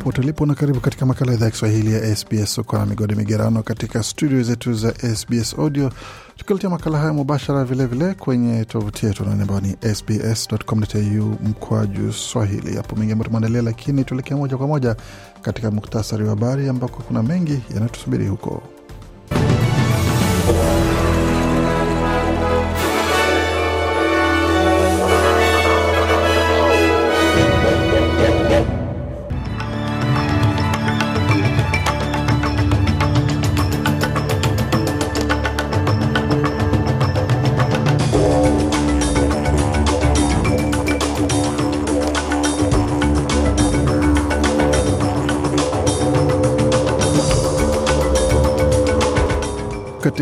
popote ulipo na karibu katika makala idhaa ya Kiswahili ya SBS. na migodi migerano katika studio zetu za SBS Audio, tukiletia makala haya mubashara vilevile vile kwenye tovuti yetu nani ambao ni sbs.com.au mkwaju swahili. Yapo mengi ambayo tumeandalia, lakini tuelekea moja kwa moja katika muktasari wa habari ambako kuna mengi yanayotusubiri huko.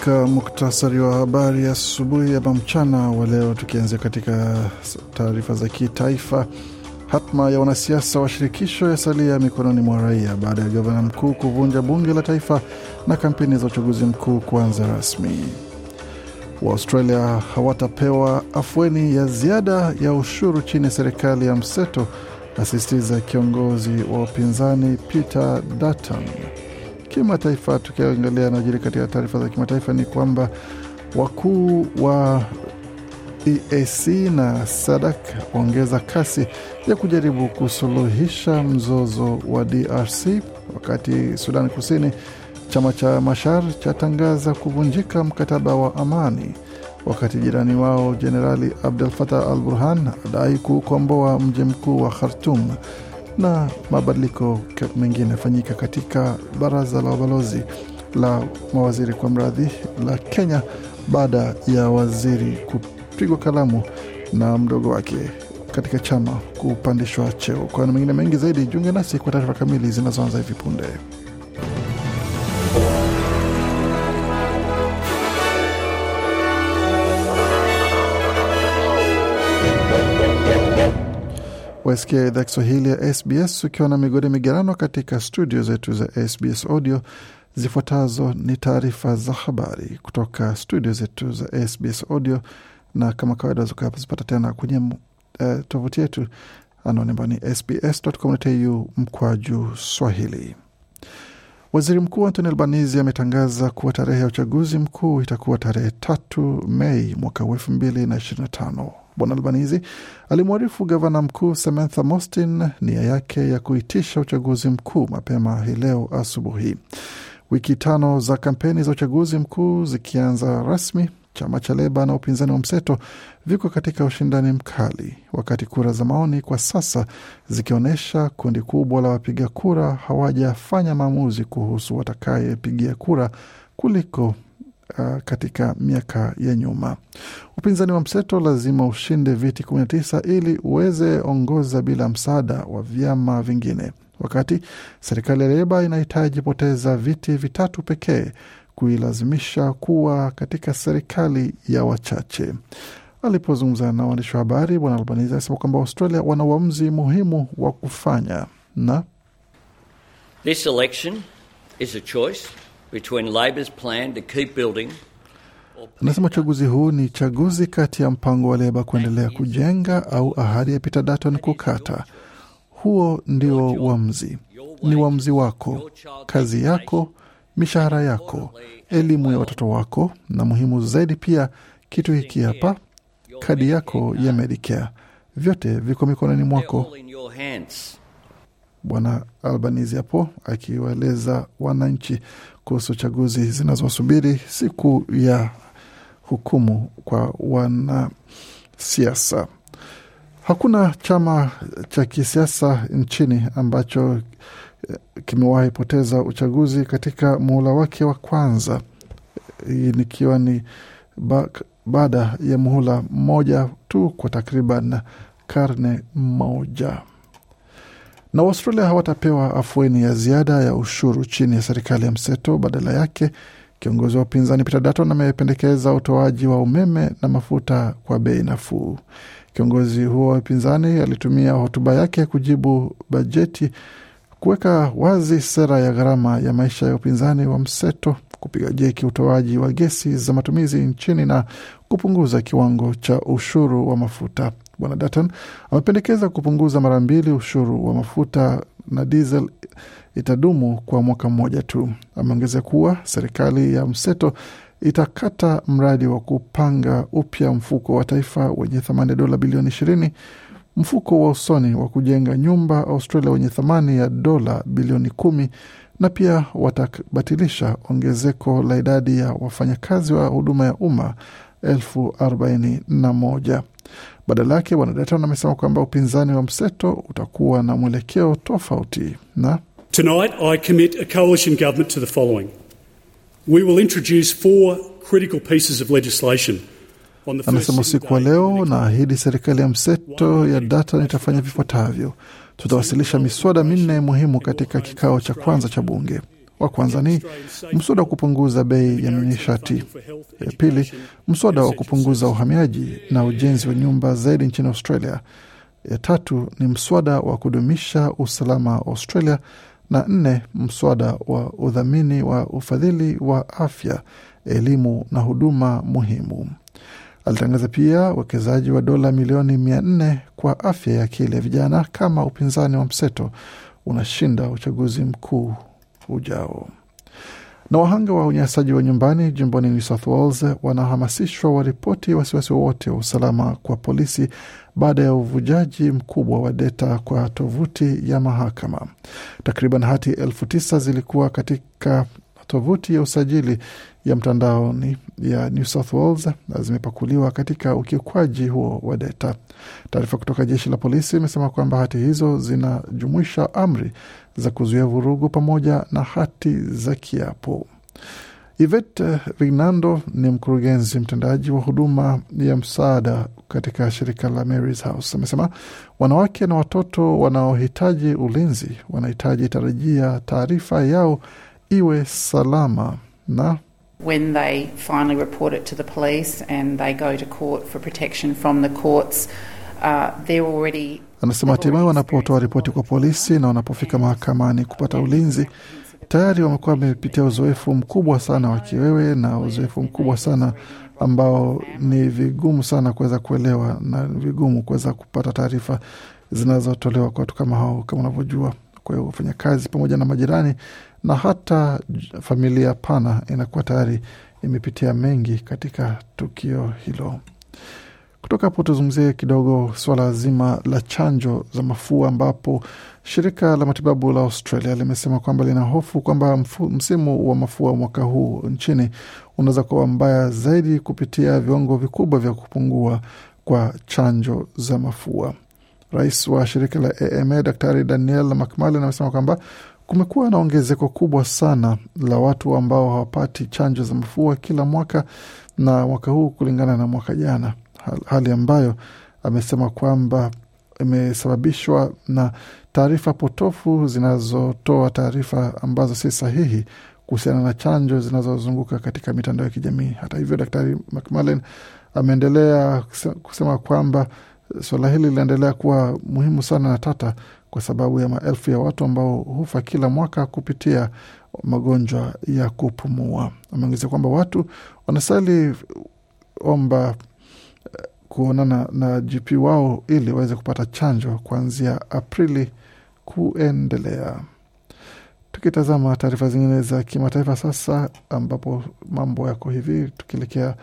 katika muktasari wa habari asubuhi ama mchana wa leo, tukianzia katika taarifa za kitaifa. Hatma ya wanasiasa wa shirikisho ya salia mikononi mwa raia baada ya gavana mkuu kuvunja bunge la taifa na kampeni za uchaguzi mkuu kuanza rasmi. Waaustralia hawatapewa afueni ya ziada ya ushuru chini ya serikali ya mseto, asisitiza kiongozi wa upinzani Peter Dutton kimataifa, tukiangalia najiri katika taarifa za kimataifa ni kwamba wakuu wa EAC na SADC waongeza kasi ya kujaribu kusuluhisha mzozo wa DRC, wakati Sudan Kusini chama cha Mashar chatangaza kuvunjika mkataba wa amani, wakati jirani wao Jenerali Abdel Fattah al-Burhan adai kuukomboa mji mkuu wa Khartoum na mabadiliko mengine yafanyika katika baraza la ubalozi la mawaziri kwa mradhi la Kenya baada ya waziri kupigwa kalamu na mdogo wake katika chama kupandishwa cheo. Kwa mengine mengi zaidi, jiunge nasi kwa taarifa kamili zinazoanza hivi punde. Wasikia idhaa Kiswahili ya SBS ukiwa na migodi migerano katika studio zetu za SBS Audio. Zifuatazo ni taarifa za habari kutoka studio zetu za SBS Audio, na kama kawaida zikapozipata tena kwenye uh, tovuti yetu anaonimbani sbscu mkwa sbs.com.au mkwaju Swahili. Waziri Mkuu antoni albanizi ametangaza kuwa tarehe ya uchaguzi mkuu itakuwa tarehe tatu Mei mwaka wa elfu mbili na ishirini na tano. Bwana Albanizi alimwarifu gavana mkuu Samantha Mostyn nia yake ya kuitisha uchaguzi mkuu mapema hii leo asubuhi. Wiki tano za kampeni za uchaguzi mkuu zikianza rasmi, chama cha Leba na upinzani wa mseto viko katika ushindani mkali, wakati kura za maoni kwa sasa zikionyesha kundi kubwa la wapiga kura hawajafanya maamuzi kuhusu watakayepigia kura kuliko Uh, katika miaka ya nyuma upinzani wa mseto lazima ushinde viti 19 ili uweze ongoza bila msaada wa vyama vingine, wakati serikali ya Leba inahitaji poteza viti vitatu pekee kuilazimisha kuwa katika serikali ya wachache. Alipozungumza na waandishi wa habari, Bwana Albanese alisema kwamba Australia wana uamuzi muhimu wa kufanya na This election is a choice between Labor's plan to keep building Anasema uchaguzi huu ni chaguzi kati ya mpango wa Leba kuendelea kujenga au ahadi ya Peter Dutton kukata. Huo ndio uamuzi, ni uamuzi wako, kazi yako, mishahara yako, elimu ya watoto wako, na muhimu zaidi pia kitu hiki hapa, kadi yako ya Medicare. Vyote viko mikononi mwako. Bwana albanis hapo akiwaeleza wananchi kuhusu chaguzi zinazosubiri siku ya hukumu kwa wanasiasa. Hakuna chama cha kisiasa nchini ambacho Eh, kimewahi poteza uchaguzi katika muhula wake wa kwanza, hii nikiwa ni baada ya muhula mmoja tu kwa takriban karne moja. Na Waustralia hawatapewa afueni ya ziada ya ushuru chini ya serikali ya mseto. Badala yake, kiongozi wa upinzani Peter Dutton amependekeza utoaji wa umeme na mafuta kwa bei nafuu. Kiongozi huo wa upinzani alitumia hotuba yake kujibu bajeti kuweka wazi sera ya gharama ya maisha ya upinzani wa mseto, kupiga jeki utoaji wa gesi za matumizi nchini na kupunguza kiwango cha ushuru wa mafuta. Bwana Dutton amependekeza kupunguza mara mbili ushuru wa mafuta na diesel itadumu kwa mwaka mmoja tu. Ameongeza kuwa serikali ya mseto itakata mradi wa kupanga upya mfuko wa taifa wenye thamani ya dola bilioni ishirini mfuko wa usoni wa kujenga nyumba Australia wenye thamani ya dola bilioni kumi na pia watabatilisha ongezeko la idadi ya wafanyakazi wa huduma ya umma elfu arobaini na moja. Badala yake Bwana Dutton amesema kwamba upinzani wa mseto utakuwa na mwelekeo tofauti na Tonight I commit a coalition government to the following. We will introduce four critical pieces of legislation – Anasema usiku wa leo naahidi serikali ya mseto ya data nitafanya vifuatavyo: tutawasilisha miswada minne muhimu katika kikao cha kwanza cha bunge. Wa kwanza ni mswada wa kupunguza bei ya nishati. Ya pili, mswada wa kupunguza uhamiaji na ujenzi wa nyumba zaidi nchini Australia. Ya tatu ni mswada wa kudumisha usalama wa Australia, na nne, mswada wa udhamini wa ufadhili wa afya, elimu na huduma muhimu. Alitangaza pia uwekezaji wa dola milioni mia nne kwa afya ya akili ya vijana kama upinzani wa mseto unashinda uchaguzi mkuu ujao. Na wahanga wa unyanyasaji wa nyumbani jimboni New South Wales wanahamasishwa waripoti wasiwasi wowote wa usalama kwa polisi baada ya uvujaji mkubwa wa deta kwa tovuti ya mahakama. Takriban hati elfu tisa zilikuwa katika Tovuti ya usajili ya mtandaoni ya New South Wales zimepakuliwa katika ukiukwaji huo wa data. Taarifa kutoka jeshi la polisi imesema kwamba hati hizo zinajumuisha amri za kuzuia vurugu pamoja na hati za kiapo. Yvette Vignando ni mkurugenzi mtendaji wa huduma ya msaada katika shirika la Mary's House. Amesema wanawake na watoto wanaohitaji ulinzi wanahitaji tarajia taarifa yao iwe salama na When they finally report it to the police and they go to court for protection from the courts, uh, they're already Anasema hatimaye wanapotoa ripoti kwa polisi na wanapofika mahakamani kupata ulinzi, tayari wamekuwa wamepitia uzoefu mkubwa sana wa kiwewe na uzoefu mkubwa sana ambao ni vigumu sana kuweza kuelewa na vigumu kuweza kupata taarifa zinazotolewa kwa watu kama hao, kama unavyojua. Kwa hiyo wafanyakazi pamoja na majirani na hata familia pana inakuwa tayari imepitia mengi katika tukio hilo. Kutoka hapo tuzungumzie kidogo suala zima la chanjo za mafua, ambapo shirika la matibabu la Australia limesema kwamba lina hofu kwamba msimu wa mafua mwaka huu nchini unaweza kuwa mbaya zaidi kupitia viwango vikubwa vya kupungua kwa chanjo za mafua. Rais wa shirika la AMA Daktari Daniel McMullen amesema kwamba Kumekuwa na ongezeko kubwa sana la watu ambao hawapati chanjo za mafua kila mwaka na mwaka huu kulingana na mwaka jana, hali ambayo amesema kwamba imesababishwa na taarifa potofu zinazotoa taarifa ambazo si sahihi kuhusiana na chanjo zinazozunguka katika mitandao ya kijamii. Hata hivyo, Daktari McMullen ameendelea kusema kwamba suala hili linaendelea kuwa muhimu sana na tata kwa sababu ya maelfu ya watu ambao hufa kila mwaka kupitia magonjwa ya kupumua. Ameongezea kwamba watu wanasali omba eh, kuonana na GP wao ili waweze kupata chanjo kuanzia Aprili kuendelea. Tukitazama taarifa zingine za kimataifa sasa, ambapo mambo yako hivi tukielekea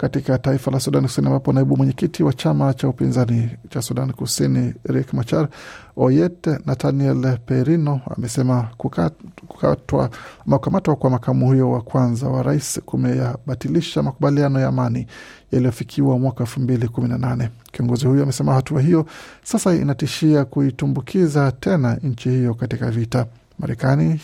katika taifa la Sudan Kusini, ambapo naibu mwenyekiti wa chama cha upinzani cha Sudan Kusini Riek Machar Oyet Nathaniel Perino amesema kukatwa ama kukamatwa kwa makamu huyo wa kwanza wa rais kumeyabatilisha makubaliano ya amani yaliyofikiwa mwaka elfu mbili kumi na nane. Kiongozi huyo amesema hatua hiyo sasa inatishia kuitumbukiza tena nchi hiyo katika vita. Marekani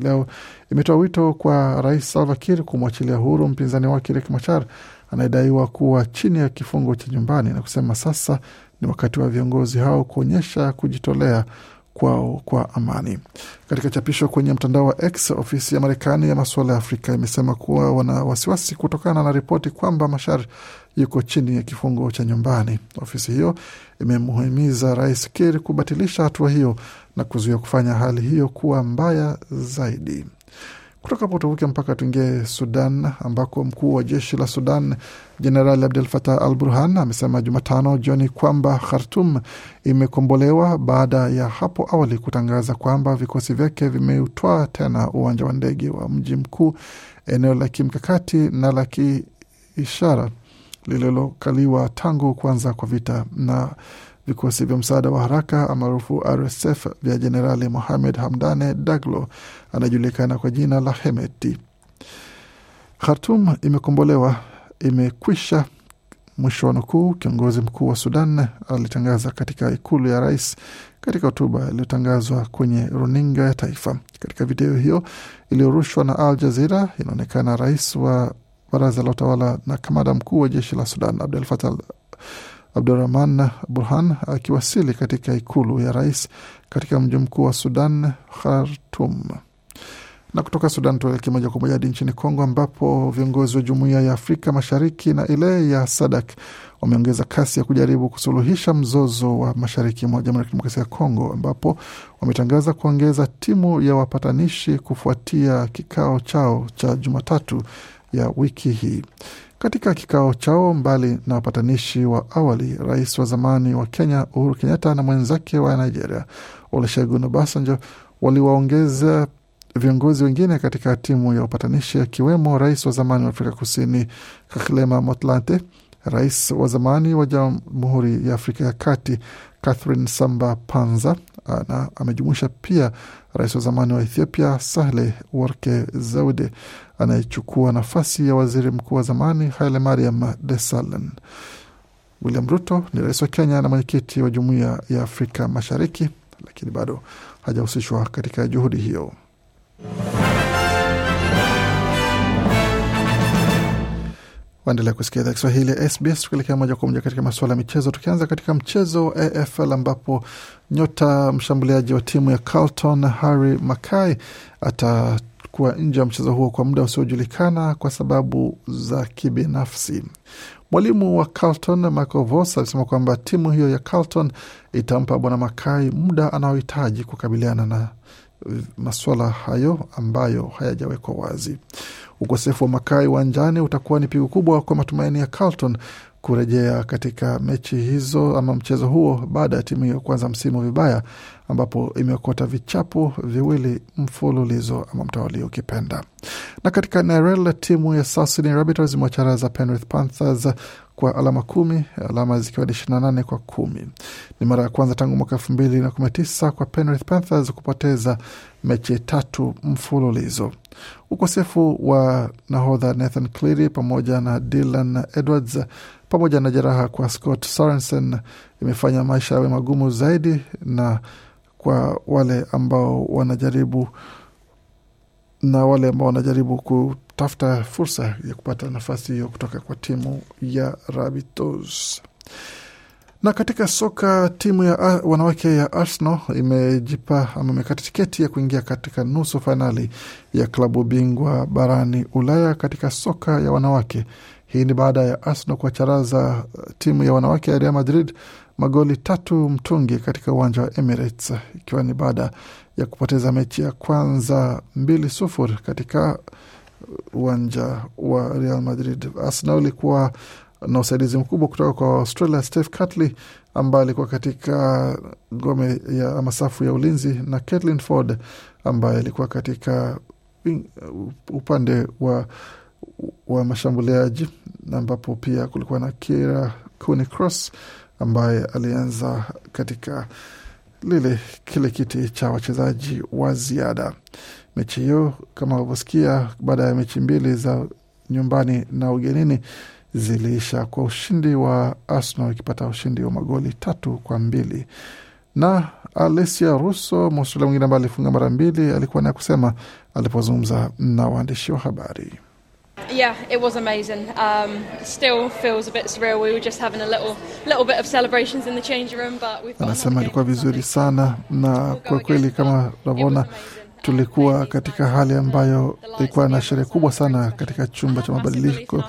leo imetoa wito kwa rais Salva Kiir kumwachilia huru mpinzani wake Riek Machar anayedaiwa kuwa chini ya kifungo cha nyumbani na kusema sasa ni wakati wa viongozi hao kuonyesha kujitolea kwao kwa amani. Katika chapisho kwenye mtandao wa X, ofisi ya Marekani ya masuala ya Afrika imesema kuwa wana wasiwasi kutokana na ripoti kwamba Mashar yuko chini ya kifungo cha nyumbani. Ofisi hiyo imemhimiza Rais Kir kubatilisha hatua hiyo na kuzuia kufanya hali hiyo kuwa mbaya zaidi. Kutoka hapo tuvuke mpaka tuingie Sudan, ambako mkuu wa jeshi la Sudan Jenerali Abdel fatah al Burhan amesema Jumatano jioni kwamba Khartum imekombolewa baada ya hapo awali kutangaza kwamba vikosi vyake vimeutwaa tena uwanja wa ndege wa mji mkuu, eneo la kimkakati na la kiishara lililokaliwa tangu kuanza kwa vita na Vikosi vya msaada wa haraka maarufu RSF vya Jenerali Mohamed Hamdane Daglo anajulikana kwa jina la Hemeti. Khartum imekombolewa, imekwisha mwisho wa nukuu, kiongozi mkuu wa Sudan alitangaza katika ikulu ya rais katika hotuba iliyotangazwa kwenye runinga ya taifa. Katika video hiyo iliyorushwa na Al Jazira, inaonekana rais wa baraza la utawala na kamanda mkuu wa jeshi la Sudan Abdel Fattah Abdurahman Burhan akiwasili katika ikulu ya rais katika mji mkuu wa Sudan, Khartum. Na kutoka Sudan tuelekee moja kwa moja hadi nchini Kongo, ambapo viongozi wa Jumuiya ya Afrika Mashariki na ile ya SADAK wameongeza kasi ya kujaribu kusuluhisha mzozo wa mashariki mwa Jamhuri ya Kidemokrasia ya Kongo, ambapo wametangaza kuongeza timu ya wapatanishi kufuatia kikao chao cha Jumatatu ya wiki hii. Katika kikao chao mbali na wapatanishi wa awali, rais wa zamani wa Kenya Uhuru Kenyatta na mwenzake wa Nigeria Olusegun Obasanjo waliwaongeza viongozi wengine katika timu ya upatanishi akiwemo rais wa zamani wa Afrika Kusini Kgalema Motlanthe, rais wa zamani wa Jamhuri ya Afrika ya Kati Catherine Samba Panza na amejumuisha pia rais wa zamani wa Ethiopia Sahle Worke Zewde anayechukua nafasi ya waziri mkuu wa zamani Haile Mariam Desalegn. William Ruto ni rais wa Kenya na mwenyekiti wa Jumuiya ya Afrika Mashariki, lakini bado hajahusishwa katika juhudi hiyo. Waendelea kusikia idhaa Kiswahili ya SBS. Tukielekea moja kwa moja katika masuala ya michezo, tukianza katika mchezo wa AFL ambapo nyota mshambuliaji wa timu ya Carlton Harry Mackay ata kuwa nje ya mchezo huo kwa muda usiojulikana kwa sababu za kibinafsi. Mwalimu wa Carlton Marco alisema kwamba timu hiyo ya Carlton itampa Bwana Makai muda anaohitaji kukabiliana na masuala hayo ambayo hayajawekwa wazi. Ukosefu wa Makai uwanjani utakuwa ni pigo kubwa kwa matumaini ya Carlton kurejea katika mechi hizo ama mchezo huo baada ya timu hiyo kuanza msimu vibaya ambapo imeokota vichapo viwili mfululizo ama mtawali ukipenda. Na katika NRL timu ya South Sydney Rabbitohs imewacharaza Penrith Panthers kwa alama kumi, alama zikiwa ni ishirini nane kwa kumi. Ni mara ya kwanza tangu mwaka elfu mbili na kumi na tisa kwa Penrith Panthers kupoteza mechi tatu mfululizo. Ukosefu wa nahodha Nathan Cleary pamoja na Dylan Edwards pamoja na jeraha kwa Scott Sorensen imefanya maisha yawe magumu zaidi na kwa wale ambao wanajaribu na wale ambao wanajaribu kutafuta fursa ya kupata nafasi hiyo kutoka kwa timu ya Rabitos. Na katika soka timu ya wanawake ya Arsenal imejipa ama imekata tiketi ya kuingia katika nusu fainali ya klabu bingwa barani Ulaya katika soka ya wanawake. Hii ni baada ya Arsenal kuwacharaza timu ya wanawake ya Real Madrid magoli tatu mtungi katika uwanja wa Emirates ikiwa ni baada ya kupoteza mechi ya kwanza mbili sufuri katika uwanja wa Real Madrid. Arsenal ilikuwa na usaidizi mkubwa kutoka kwa Australia Steve Catley ambaye alikuwa katika ngome ya ama safu ya ulinzi na Caitlin Ford ambaye alikuwa katika upande wa, wa mashambuliaji ambapo pia kulikuwa na Kira Cooney Cross ambaye alianza katika lile kile kiti cha wachezaji wa ziada. Mechi hiyo kama ulivyosikia, baada ya mechi mbili za nyumbani na ugenini ziliisha kwa ushindi wa Arsenal ikipata ushindi wa magoli tatu kwa mbili. Na Alessia Russo, Mwaustralia mwingine ambaye alifunga mara mbili, alikuwa na kusema alipozungumza na waandishi wa habari. Yeah, it was amazing. Um, still feels a bit surreal. We were just having a little little bit of celebrations in the change room, but we've got Anasema ilikuwa vizuri sana na kwa kweli kama unavyoona tulikuwa katika hali ambayo ilikuwa na sherehe kubwa sana katika chumba cha mabadiliko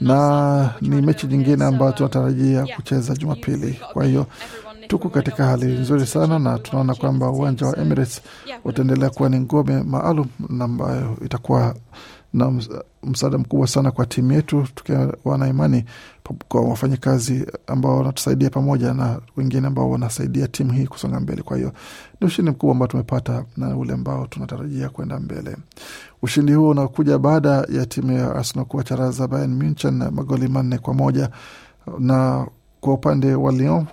na ni mechi nyingine ambayo tunatarajia kucheza Jumapili. Kwa hiyo tuko katika hali nzuri sana na tunaona kwamba uwanja wa Emirates utaendelea kuwa ni ngome maalum ambayo itakuwa na msaada mkubwa sana kwa timu yetu, tukiwa na imani kwa wafanyakazi ambao wanatusaidia pamoja na wengine ambao wanasaidia timu hii kusonga mbele. Kwa hiyo ni ushindi mkubwa ambao tumepata na ule ambao tunatarajia kwenda mbele. Ushindi huo unakuja baada ya timu ya Arsenal kuwacharaza Bayern Munchen magoli manne kwa moja na kwa upande wa Lyon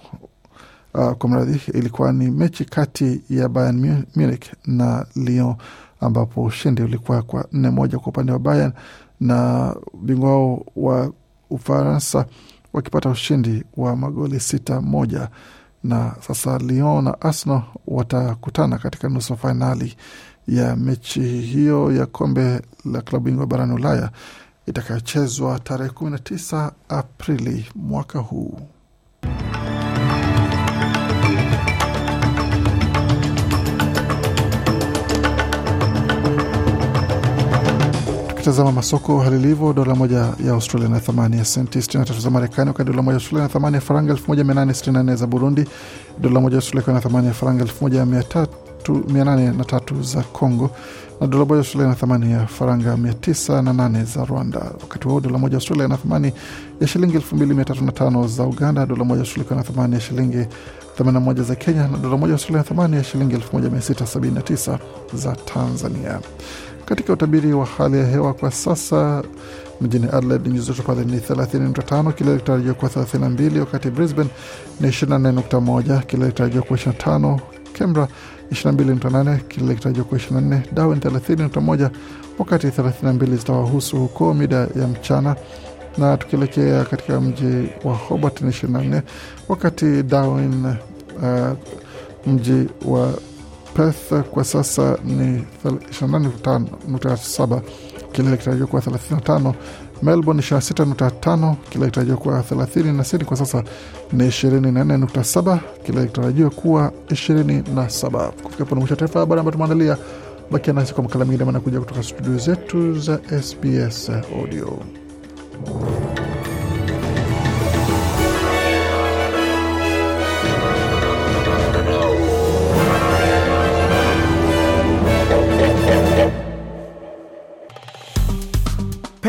uh, kwa mradhi ilikuwa ni mechi kati ya Bayern Munich na Lyon ambapo ushindi ulikuwa kwa nne moja kwa upande wa Bayern na bingwa wao wa Ufaransa wakipata ushindi wa magoli sita moja na sasa Lyon na Arsenal watakutana katika nusu fainali ya mechi hiyo ya kombe la klabu bingwa barani Ulaya itakayochezwa tarehe 19 Aprili mwaka huu. Tukitazama masoko hali ilivyo, dola moja ya Australia na thamani ya senti 63 za Marekani, wakati dola moja ya Australia na thamani ya faranga 1864 za Burundi, dola moja ya Australia ikiwa na thamani ya faranga 1883 za Congo na dola moja ya Australia na thamani ya faranga 908 za Rwanda. Wakati huo dola moja ya Australia na thamani ya shilingi 2305 za Uganda, dola moja ya Australia na thamani ya shilingi 81 za Kenya na dola moja ya Australia na thamani ya shilingi 1679 za Tanzania. Katika utabiri wa hali ya hewa kwa sasa mjini Adelaide nyuzi joto pale ni 35 kile kitarajiwa kuwa 32, wakati Brisbane ni 24.1, kile kitarajiwa kuwa 25, Canberra 22.8, kile kitarajiwa kuwa 24, Darwin 30.1, wakati 32 zitawahusu huko mida ya mchana na tukielekea katika mji wa Hobart ni 24 wakati Darwin uh, mji wa Perth kwa sasa ni 28.7, kilele kitarajiwa kuwa 35. Melbourne 26.5, kilele kitarajiwa kuwa 30, na Sydney kwa sasa ni 24.7, kilele kitarajiwa kuwa 27. Kufika hapo ni mwisho wa taarifa habari ambayo tumeandalia. Bakia nasi kwa makala mengine manakuja kutoka studio zetu za SBS Audio.